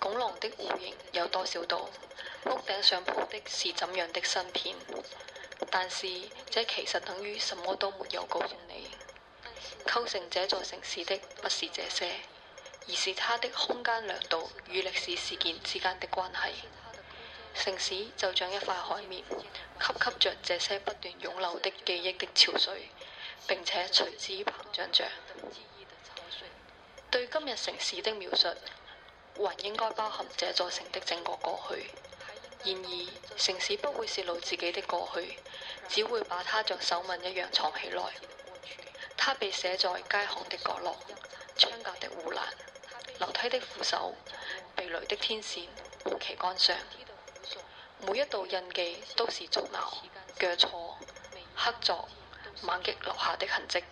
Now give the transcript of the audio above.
拱廊的弧形有多少度？屋頂上鋪的是怎樣的新片？但是這其實等於什麼都沒有告訴你。構成這座城市的不是這些，而是它的空間量度與歷史事件之間的關係。城市就像一塊海綿，吸吸着這些不斷湧流的記憶的潮水，並且隨之膨脹着。對今日城市的描述。還應該包含這座城的整個過去。然而，城市不會泄露自己的過去，只會把它像手紋一樣藏起來。它被寫在街巷的角落、窗格的護欄、樓梯的扶手、避雷的天線、旗杆上。每一道印記都是抓撓、鋸銼、刻鑿、猛擊留下的痕跡。